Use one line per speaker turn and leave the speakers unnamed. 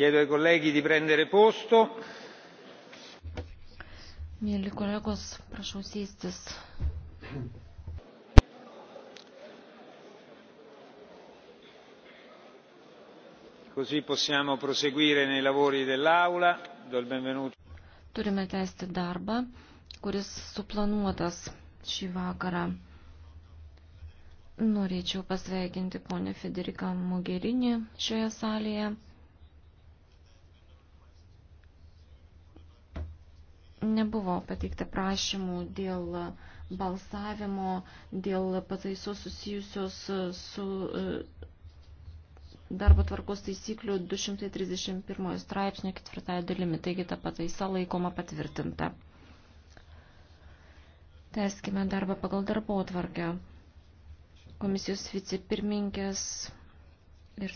Chiedo ai colleghi di prendere posto.
Mėly kolegos, prašau sėstis.
Così possiamo proseguire nei lavori dell'Aula. Do il benvenuto.
Turime tęsti darbą, kuris suplanuotas šį vakarą. Norėčiau pasveikinti ponę Federiką Mogerinį šioje salėje. nebuvo pateikta prašymų dėl balsavimo, dėl pataisos susijusios su e, darbo tvarkos taisyklių 231 straipsnio ketvirtąją dalimi, taigi ta pataisa laikoma patvirtinta. Teskime darbą pagal darbo tvarkę. Komisijos vicepirminkės